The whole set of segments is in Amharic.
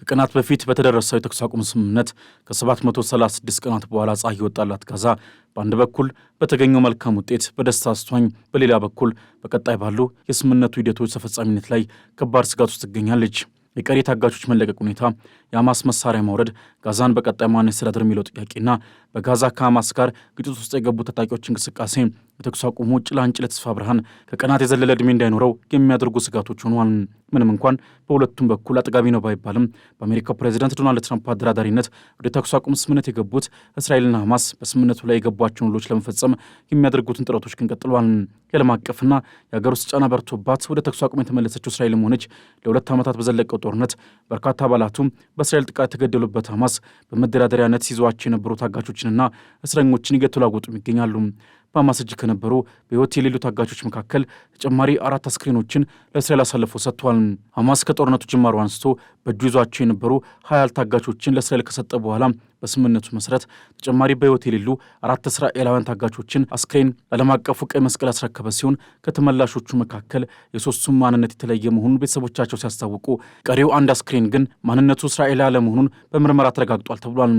ከቀናት በፊት በተደረሰው የተኩስ አቁም ስምምነት ከ736 ቀናት በኋላ ፀሐይ ወጣላት ጋዛ በአንድ በኩል በተገኘው መልካም ውጤት በደስታ አስቷኝ፣ በሌላ በኩል በቀጣይ ባሉ የስምምነቱ ሂደቶች ተፈጻሚነት ላይ ከባድ ስጋት ውስጥ ትገኛለች። የቀሪ ታጋቾች መለቀቅ ሁኔታ፣ የሐማስ መሳሪያ ማውረድ፣ ጋዛን በቀጣይ ማን ያስተዳድር የሚለው ጥያቄና በጋዛ ከሐማስ ጋር ግጭት ውስጥ የገቡ ታጣቂዎች እንቅስቃሴ በተኩስ አቁሙ ጭላንጭል የተስፋ ብርሃን ከቀናት የዘለለ ዕድሜ እንዳይኖረው የሚያደርጉ ስጋቶች ሆኗል። ምንም እንኳን በሁለቱም በኩል አጥጋቢ ነው ባይባልም በአሜሪካው ፕሬዚዳንት ዶናልድ ትራምፕ አደራዳሪነት ወደ ተኩስ አቁም ስምምነት የገቡት እስራኤልና ሐማስ በስምምነቱ ላይ የገቧቸውን ውሎች ለመፈጸም የሚያደርጉትን ጥረቶች ግን ቀጥሏል። የዓለም አቀፍና የአገር ውስጥ ጫና በርቶባት ወደ ተኩስ አቁም የተመለሰችው እስራኤልም ሆነች ለሁለት ዓመታት በዘለቀው ጦርነት በርካታ አባላቱ በእስራኤል ጥቃት የተገደሉበት ሐማስ በመደራደሪያነት ሲይዟቸው የነበሩ ታጋቾችንና እስረኞችን እየተለዋወጡም ይገኛሉ። በሐማስ እጅ ከነበሩ በሕይወት የሌሉ ታጋቾች መካከል ተጨማሪ አራት አስክሬኖችን ለእስራኤል አሳልፎ ሰጥቷል። ሐማስ ከጦርነቱ ጅማሩ አንስቶ በእጁ ይዟቸው የነበሩ ሀያል ታጋቾችን ለእስራኤል ከሰጠ በኋላ በስምምነቱ መሰረት ተጨማሪ በሕይወት የሌሉ አራት እስራኤላውያን ታጋቾችን አስክሬን አለም አቀፉ ቀይ መስቀል ያስረከበ ሲሆን ከተመላሾቹ መካከል የሶስቱም ማንነት የተለየ መሆኑን ቤተሰቦቻቸው ሲያስታውቁ፣ ቀሪው አንድ አስክሬን ግን ማንነቱ እስራኤል አለመሆኑን በምርመራ ተረጋግጧል ተብሏል።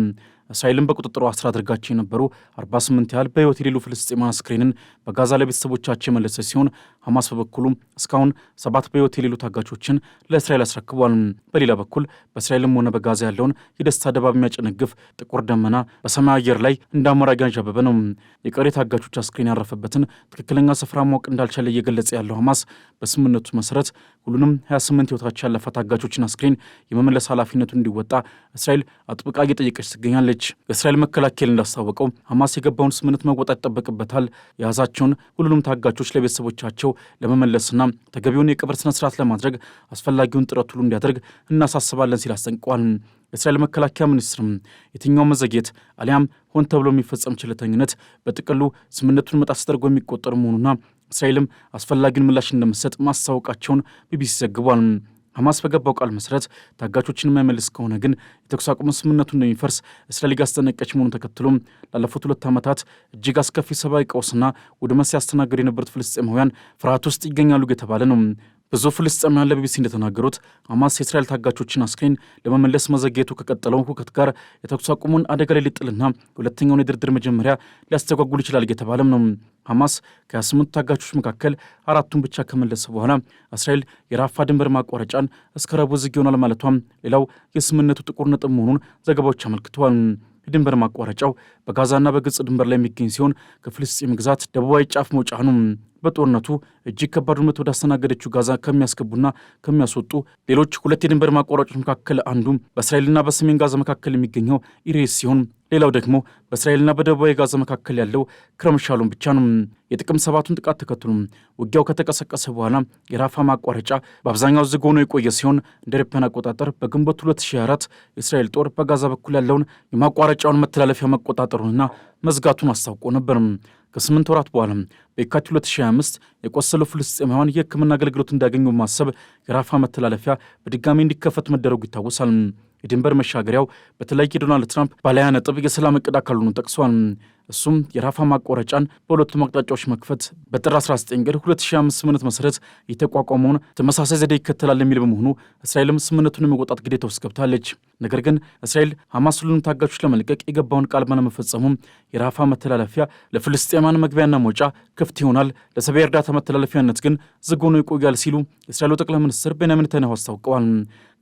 እስራኤልን በቁጥጥሩ ስር አድርጋቸው የነበሩ 48 ያህል በሕይወት የሌሉ ፍልስጤማውያን አስክሬንን በጋዛ ለቤተሰቦቻቸው የመለሰ ሲሆን ሐማስ በበኩሉም እስካሁን ሰባት በሕይወት የሌሉ ታጋቾችን ለእስራኤል አስረክቧል። በሌላ በኩል በእስራኤልም ሆነ በጋዛ ያለውን የደስታ ድባብ የሚያጨነግፍ ጥቁር ደመና በሰማይ አየር ላይ እንደ አሞራ ያንዣበበ ነው። የቀሪ ታጋቾች አስክሬን ያረፈበትን ትክክለኛ ስፍራ ማወቅ እንዳልቻለ እየገለጸ ያለው ሐማስ በስምምነቱ መሰረት ሁሉንም 28 ሕይወታቸው ያለፈ ታጋቾችን አስክሬን የመመለስ ኃላፊነቱን እንዲወጣ እስራኤል አጥብቃ እየጠየቀች ትገኛለች። የእስራኤል መከላከል እንዳስታወቀው ሐማስ የገባውን ስምምነት መወጣት ይጠበቅበታል። የያዛቸውን ሁሉንም ታጋቾች ለቤተሰቦቻቸው ለመመለስና ተገቢውን የቅብር ስነ ስርዓት ለማድረግ አስፈላጊውን ጥረት ሁሉ እንዲያደርግ እናሳስባለን ሲል አስጠንቅቋል። የእስራኤል መከላከያ ሚኒስትርም የትኛው መዘግየት አሊያም ሆን ተብሎ የሚፈጸም ችለተኝነት በጥቅሉ ስምምነቱን መጣስ ተደርጎ የሚቆጠር መሆኑና እስራኤልም አስፈላጊውን ምላሽ እንደምትሰጥ ማስታወቃቸውን ቢቢሲ ዘግቧል። ሐማስ በገባው ቃል መሰረት ታጋቾችን የማይመልስ ከሆነ ግን የተኩስ አቁም ስምምነቱ እንደሚፈርስ እስራኤል ያስጠነቀቀች መሆኑን ተከትሎም ላለፉት ሁለት ዓመታት እጅግ አስከፊ ሰብአዊ ቀውስና ውድመት ሲያስተናግዱ የነበሩት ፍልስጤማውያን ፍርሃት ውስጥ ይገኛሉ እየተባለ ነው። ብዙ ፍልስጤማውያን ለቢቢሲ እንደተናገሩት ሐማስ የእስራኤል ታጋቾችን አስክሬን ለመመለስ መዘግየቱ ከቀጠለው ሁከት ጋር የተኩስ አቁሙን አደጋ ላይ ሊጥልና ሁለተኛውን የድርድር መጀመሪያ ሊያስተጓጉል ይችላል እየተባለም ነው። ሐማስ ከ ታጋቾች መካከል አራቱን ብቻ ከመለሰ በኋላ እስራኤል የራፋ ድንበር ማቋረጫን እስከ ረቡዕ ዝግ ይሆናል ማለቷም ሌላው የስምነቱ ጥቁር ነጥብ መሆኑን ዘገባዎች አመልክተዋል። የድንበር ማቋረጫው በጋዛና በግብፅ ድንበር ላይ የሚገኝ ሲሆን ከፍልስጤም ግዛት ደቡባዊ ጫፍ መውጫ ነው። በጦርነቱ እጅግ ከባድ ውድመት ወዳስተናገደችው ጋዛ ከሚያስገቡና ከሚያስወጡ ሌሎች ሁለት የድንበር ማቋረጫዎች መካከል አንዱ በእስራኤልና በሰሜን ጋዛ መካከል የሚገኘው ኢሬስ ሲሆን ሌላው ደግሞ በእስራኤልና በደቡባዊ ጋዛ መካከል ያለው ክረምሻሉን ብቻ ነው። የጥቅምት ሰባቱን ጥቃት ተከትሎም ውጊያው ከተቀሰቀሰ በኋላ የራፋ ማቋረጫ በአብዛኛው ዝግ ሆኖ የቆየ ሲሆን እንደ አውሮፓውያን አቆጣጠር በግንቦት 2004 የእስራኤል ጦር በጋዛ በኩል ያለውን የማቋረጫውን መተላለፊያ መቆጣጠሩንና መዝጋቱን አስታውቆ ነበር። ከስምንት ወራት በኋላ በየካቲት 2025 የቆሰሉ ፍልስጤማውያን የሕክምና አገልግሎት እንዲያገኙ ማሰብ የራፋ መተላለፊያ በድጋሚ እንዲከፈት መደረጉ ይታወሳል። የድንበር መሻገሪያው በተለይ ዶናልድ ትራምፕ ባለያ ነጥብ የሰላም እቅድ አካሉን ጠቅሷል። እሱም የራፋ ማቆረጫን በሁለቱም አቅጣጫዎች መክፈት በጥር 19 ቀን 2025 ስምምነት መሰረት የተቋቋመውን ተመሳሳይ ዘዴ ይከተላል የሚል በመሆኑ እስራኤልም ስምምነቱን የመቆጣት ግዴታ ውስጥ ገብታለች። ነገር ግን እስራኤል ሐማስ ሁሉንም ታጋቾች ለመልቀቅ የገባውን ቃል ባለመፈጸሙም የራፋ መተላለፊያ ለፍልስጤማን መግቢያና መውጫ ክፍት ይሆናል፣ ለሰብዓዊ እርዳታ መተላለፊያነት ግን ዝግ ሆኖ ይቆያል ሲሉ የእስራኤሉ ጠቅላይ ሚኒስትር ቤንያሚን ኔታንያሁ አስታውቀዋል።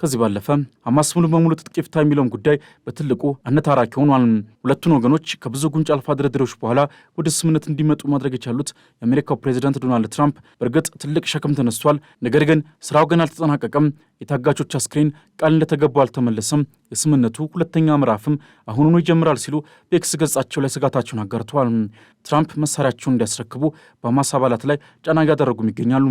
ከዚህ ባለፈ ሐማስ ሙሉ በሙሉ ትጥቅ ይፍታ የሚለውን ጉዳይ በትልቁ አነታራኪ ሆኗል። ሁለቱን ወገኖች ከብዙ ጉንጭ አልፋ ድርድሮች በኋላ ወደ ስምምነት እንዲመጡ ማድረግ የቻሉት የአሜሪካው ፕሬዚዳንት ዶናልድ ትራምፕ በእርግጥ ትልቅ ሸክም ተነስቷል። ነገር ግን ስራው ግን አልተጠናቀቀም። የታጋቾች አስክሬን ቃል እንደተገባው አልተመለሰም። የስምምነቱ ሁለተኛ ምዕራፍም አሁኑኑ ይጀምራል ሲሉ በኤክስ ገጻቸው ላይ ስጋታቸውን አጋርተዋል። ትራምፕ መሳሪያቸውን እንዲያስረክቡ በሐማስ አባላት ላይ ጫና እያደረጉም ይገኛሉ።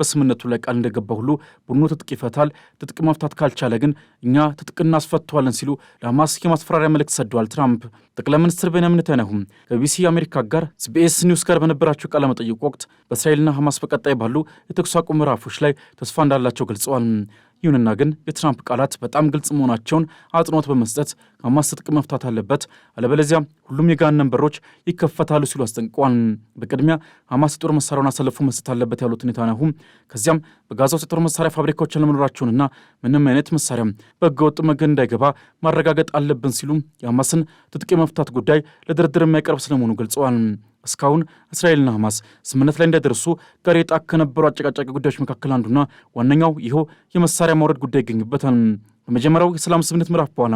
በስምነቱ ላይ ቃል እንደገባ ሁሉ ቡድኑ ትጥቅ ይፈታል፣ ትጥቅ መፍታት ካልቻለ ግን እኛ ትጥቅ እናስፈተዋለን ሲሉ ለሐማስ የማስፈራሪያ መልእክት ሰደዋል ትራምፕ። ጠቅላይ ሚኒስትር ቤንያሚን ኔታንያሁም ከቢቢሲ አሜሪካ ጋር ሲቢኤስ ኒውስ ጋር በነበራቸው ቃለ መጠይቅ ወቅት በእስራኤልና ሐማስ በቀጣይ ባሉ የተኩስ አቁም ምዕራፎች ላይ ተስፋ እንዳላቸው ገልጸዋል። ይሁንና ግን የትራምፕ ቃላት በጣም ግልጽ መሆናቸውን አጽንኦት በመስጠት ሐማስ ትጥቅ መፍታት አለበት፣ አለበለዚያ ሁሉም የጋነን በሮች ይከፈታሉ ሲሉ አስጠንቅቋል። በቅድሚያ ሐማስ የጦር መሳሪያውን አሳልፎ መስጠት አለበት ያሉት ኔታንያሁ ከዚያም በጋዛ ውስጥ የጦር መሳሪያ ፋብሪካዎች አለመኖራቸውንና ምንም አይነት መሳሪያ በህገወጥ መንገድ እንዳይገባ ማረጋገጥ አለብን ሲሉ የሐማስን ትጥቅ የመፍታት ጉዳይ ለድርድር የማይቀርብ ስለመሆኑ ገልጸዋል። እስካሁን እስራኤልና ሐማስ ስምምነት ላይ እንዳይደርሱ ጋሬጣ ከነበሩ አጨቃጫቂ ጉዳዮች መካከል አንዱና ዋነኛው ይኸው የመሳሪያ ማውረድ ጉዳይ ይገኝበታል። በመጀመሪያው የሰላም ስምምነት ምዕራፍ በኋላ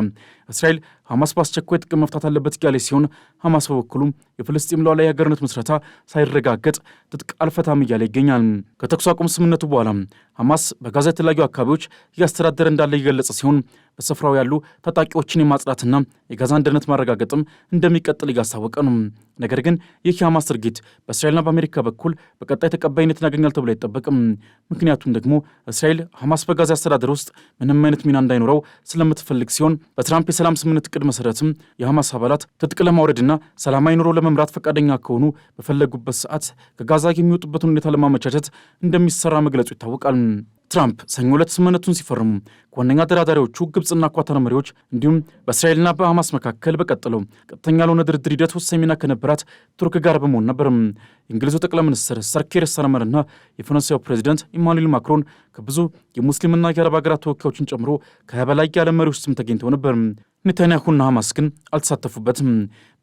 እስራኤል ሐማስ በአስቸኳይ ጥቅም መፍታት አለበት ያለ ሲሆን ሐማስ በበኩሉ የፍልስጤም ሉዓላዊ የሀገርነት ምስረታ ሳይረጋገጥ ትጥቅ አልፈታም እያለ ይገኛል። ከተኩስ አቁም ስምምነቱ በኋላ ሐማስ በጋዛ የተለያዩ አካባቢዎች እያስተዳደረ እንዳለ እየገለጸ ሲሆን በስፍራው ያሉ ታጣቂዎችን የማጽዳትና የጋዛ አንድነት ማረጋገጥም እንደሚቀጥል እያሳወቀ ነው። ነገር ግን ይህ የሐማስ ድርጊት በእስራኤልና በአሜሪካ በኩል በቀጣይ ተቀባይነትን ያገኛል ተብሎ አይጠበቅም። ምክንያቱም ደግሞ እስራኤል ሐማስ በጋዛ አስተዳደር ውስጥ ምንም አይነት ሚና እንዳይኖረው ስለምትፈልግ ሲሆን በትራምፕ የሰላም ስምምነት እቅድ መሰረትም የሐማስ አባላት ትጥቅ ለማውረድና ሰላማዊ ኑሮ ለመምራት ፈቃደኛ ከሆኑ በፈለጉበት ሰዓት ከጋዛ የሚወጡበትን ሁኔታ ለማመቻቸት እንደሚሰራ መግለጹ ይታወቃል። ትራምፕ ሰኞ ዕለት ስምምነቱን ሲፈርሙ ከዋነኛ ተደራዳሪዎቹ ግብፅና ኳታር መሪዎች እንዲሁም በእስራኤልና በሐማስ መካከል በቀጠለው ቀጥተኛ ለሆነ ድርድር ሂደት ወሳኝ ሚና ከነበራት ቱርክ ጋር በመሆን ነበርም። የእንግሊዙ ጠቅላይ ሚኒስትር ሰር ኬር ስታርመርና የፈረንሳዩ ፕሬዚደንት ኢማኑኤል ማክሮን ከብዙ የሙስሊምና የአረብ ሀገራት ተወካዮችን ጨምሮ በላይ የዓለም መሪዎች ስም ተገኝተው ነበር። ኔታንያሁና ሐማስ ግን አልተሳተፉበትም።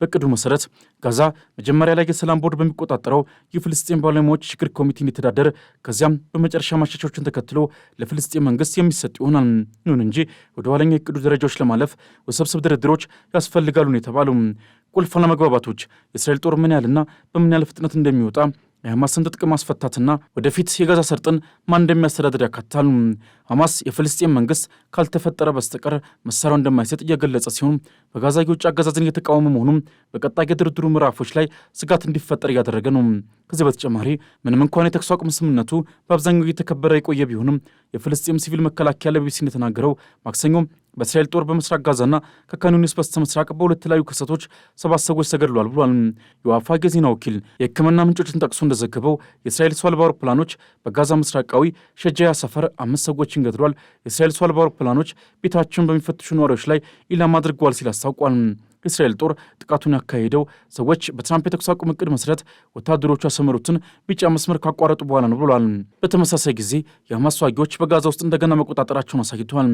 በቅዱ መሰረት ጋዛ መጀመሪያ ላይ የሰላም ቦርድ በሚቆጣጠረው የፍልስጤን ባለሙያዎች ሽግግር ኮሚቴ እንዲተዳደር ከዚያም በመጨረሻ ማሻሻያዎችን ተከትሎ ለፍልስጤን መንግስት የሚሰጥ ይሆናል። ይሁን እንጂ ወደ ኋለኛ የቅዱ ደረጃዎች ለማለፍ ውስብስብ ድርድሮች ያስፈልጋሉ ነው የተባሉ። ቁልፍ አለመግባባቶች የእስራኤል ጦር ምን ያህልና በምን ያህል ፍጥነት እንደሚወጣ የሐማስን ትጥቅ ማስፈታትና ወደፊት የጋዛ ሰርጥን ማን እንደሚያስተዳድር ያካትታል። ሐማስ የፍልስጤም መንግስት ካልተፈጠረ በስተቀር መሳሪያው እንደማይሰጥ እየገለጸ ሲሆን በጋዛ የውጭ አገዛዝን እየተቃወመ መሆኑም በቀጣይ የድርድሩ ምዕራፎች ላይ ስጋት እንዲፈጠር እያደረገ ነው። ከዚህ በተጨማሪ ምንም እንኳን የተኩስ አቁም ስምምነቱ በአብዛኛው እየተከበረ የቆየ ቢሆንም የፍልስጤም ሲቪል መከላከያ ለቢቢሲ እንደተናገረው ማክሰኞም በእስራኤል ጦር በምስራቅ ጋዛና ከካን ዩኒስ በስተ ምስራቅ በሁለት የተለያዩ ክስተቶች ሰባት ሰዎች ተገድሏል ብሏል። የዋፋ የዜና ወኪል የሕክምና ምንጮችን ጠቅሶ እንደዘገበው የእስራኤል ሰው አልባ አውሮፕላኖች በጋዛ ምስራቃዊ ሸጃያ ሰፈር አምስት ሰዎችን ገድሏል። የእስራኤል ሰው አልባ አውሮፕላኖች ቤታቸውን በሚፈትሹ ነዋሪዎች ላይ ኢላማ አድርገዋል ሲል አስታውቋል። የእስራኤል ጦር ጥቃቱን ያካሄደው ሰዎች በትራምፕ የተኩስ አቁም እቅድ መሰረት ወታደሮቹ ያሰመሩትን ቢጫ መስመር ካቋረጡ በኋላ ነው ብሏል። በተመሳሳይ ጊዜ የሐማስ ተዋጊዎች በጋዛ ውስጥ እንደገና መቆጣጠራቸውን አሳይተዋል።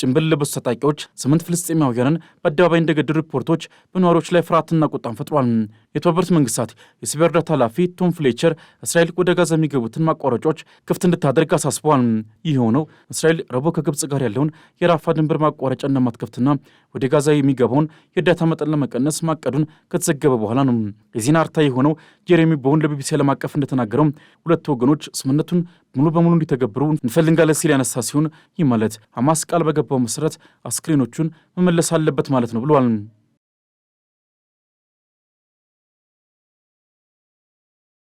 ጭንብል ለበሱ ታጣቂዎች ስምንት ፍልስጤማውያንን በአደባባይ እንደገደሉ ሪፖርቶች በነዋሪዎች ላይ ፍርሃትና ቁጣን ፈጥሯል። የተባበሩት መንግስታት የሲቪል እርዳታ ኃላፊ ቶም ፍሌቸር እስራኤል ወደ ጋዛ የሚገቡትን ማቋረጮች ክፍት እንድታደርግ አሳስበዋል። ይህ የሆነው እስራኤል ረቡዕ ከግብፅ ጋር ያለውን የራፋ ድንበር ማቋረጫ እንደማትከፍትና ወደ ጋዛ የሚገባውን የእርዳታ መጠን ለመቀነስ ማቀዱን ከተዘገበ በኋላ ነው። የዜና አርታ የሆነው ጄሬሚ ቦውን ለቢቢሲ ዓለም አቀፍ እንደተናገረው ሁለቱ ወገኖች ስምምነቱን ሙሉ በሙሉ እንዲተገብሩ እንፈልጋለን ሲል ያነሳ ሲሆን ይህ ማለት ሐማስ ቃል በገባው መሰረት አስክሬኖቹን መመለስ አለበት ማለት ነው ብለዋል።